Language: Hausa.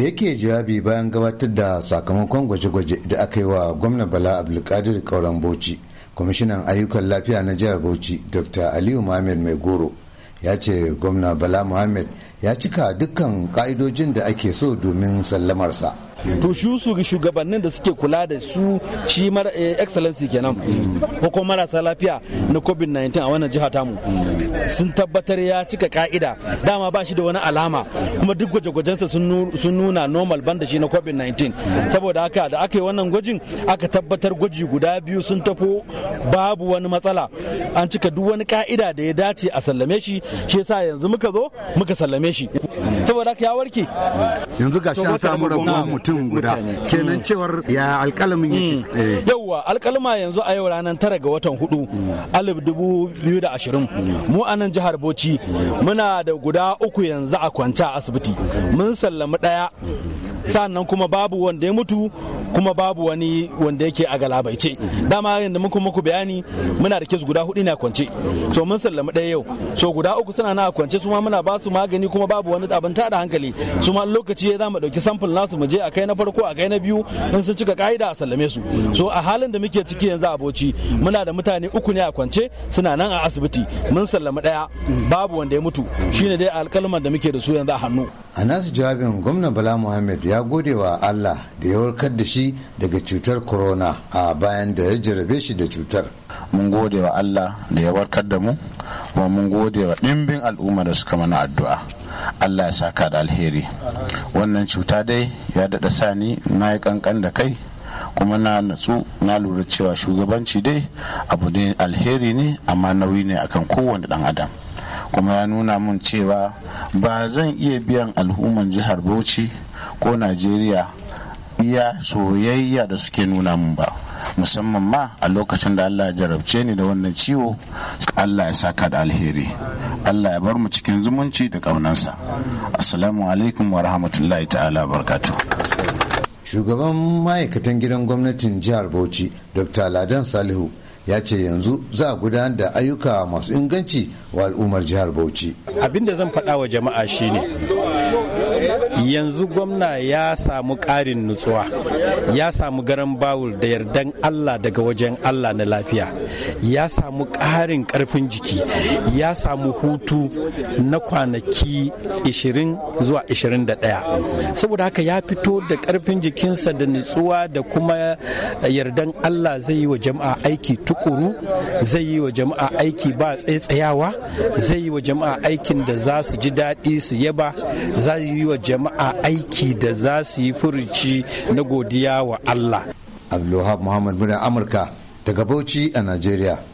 da yake jawabi bayan gabatar da sakamakon gwaje-gwaje da aka yi wa gwamna bala abdulkadir kauran bauchi kwamishinan ayyukan lafiya na jihar bauchi dr aliyu mohammed mai goro ya ce gwamna bala muhammad ya cika dukkan ka'idojin da ake so domin sallamarsa to shi su shugabannin da suke kula da su shi eh, excellency kenan ko kuma marasa lafiya na covid-19 a wannan jiha tamu sun tabbatar ya cika ka'ida dama ba shi da wani alama kuma duk gwaje-gwajensa sun nuna normal banda shi na covid-19 saboda haka da aka yi wannan gwajin aka tabbatar gwaji guda biyu sun tafo babu wani matsala an cika duk wani ka'ida da ya dace a sallame shi shi yasa yanzu muka zo muka sallame shi saboda ka ya warke yanzu ga shan samu rabuwar mutum guda kenan cewar ya alƙalamin yake mm. eh. yawwa alƙalma yanzu a yau ranar tara ga watan hudu alif dubu biyu da ashirin mu a nan jihar Bauchi muna da guda uku yanzu a kwance a asibiti mun sallami ɗaya sannan kuma babu wanda ya mutu kuma babu wani wanda yake a galabaice dama da muku muku bayani muna da kes guda hudu ne a kwance so mun sallami ɗaya yau so guda uku suna na a kwance su muna ba su magani kuma babu wani abin tada hankali su ma lokaci ya zama ɗauki sample nasu mu je a kai na farko a kai na biyu in sun cika ka'ida a sallame su so a halin da muke ciki yanzu aboci muna da mutane uku ne a kwance suna nan a asibiti mun sallami ɗaya babu wanda ya mutu shine dai alkalman da muke da su yanzu a hannu a nasu jawabin gwamnan bala muhammed ya gode wa allah da ya warkar da shi daga cutar corona a bayan da ya jarabe shi da cutar mun gode wa allah da ya warkar da mu kuma mun gode wa ɗimbin al'umma da suka mana addu'a allah ya saka da alheri wannan cuta dai ya daɗa sani na yi kankan da kai kuma na natsu na lura cewa shugabanci dai abu ne alheri ne amma nauyi ne akan kowane ɗan adam kuma ya nuna mun cewa ba zan iya biyan al'umman jihar bauchi ko najeriya iya soyayya da suke nuna mun ba musamman ma a lokacin da allah ya jarabce ni da wannan ciwo allah ya saka da alheri allah ya bar mu cikin zumunci da ƙaunansa assalamu alaikum wa rahmatullahi ta'ala barkatu shugaban ma'aikatan gidan gwamnatin jihar bauchi dr ladan salihu ya ce yanzu za a gudanar da ayyuka masu inganci wa al'ummar jihar bauchi abin da zan faɗa wa jama'a shine yanzu gwamna ya samu ƙarin nutsuwa ya samu garan bawul da yardan allah daga wajen allah na lafiya ya samu ƙarin ƙarfin jiki ya samu hutu na kwanaki 20 zuwa 21 saboda haka ya fito da ƙarfin jikinsa da nutsuwa da kuma yardan allah zai yi wa jama'a aiki tuk tukuru zai yi wa jama'a aiki ba tsaitsayawa zai yi wa jama'a aikin da za su ji daɗi su yaba zai yi wa jama'a aiki da za su yi furuci na godiya wa Allah. Abdullahi Muhammad Muna Amurka daga Bauchi a Najeriya.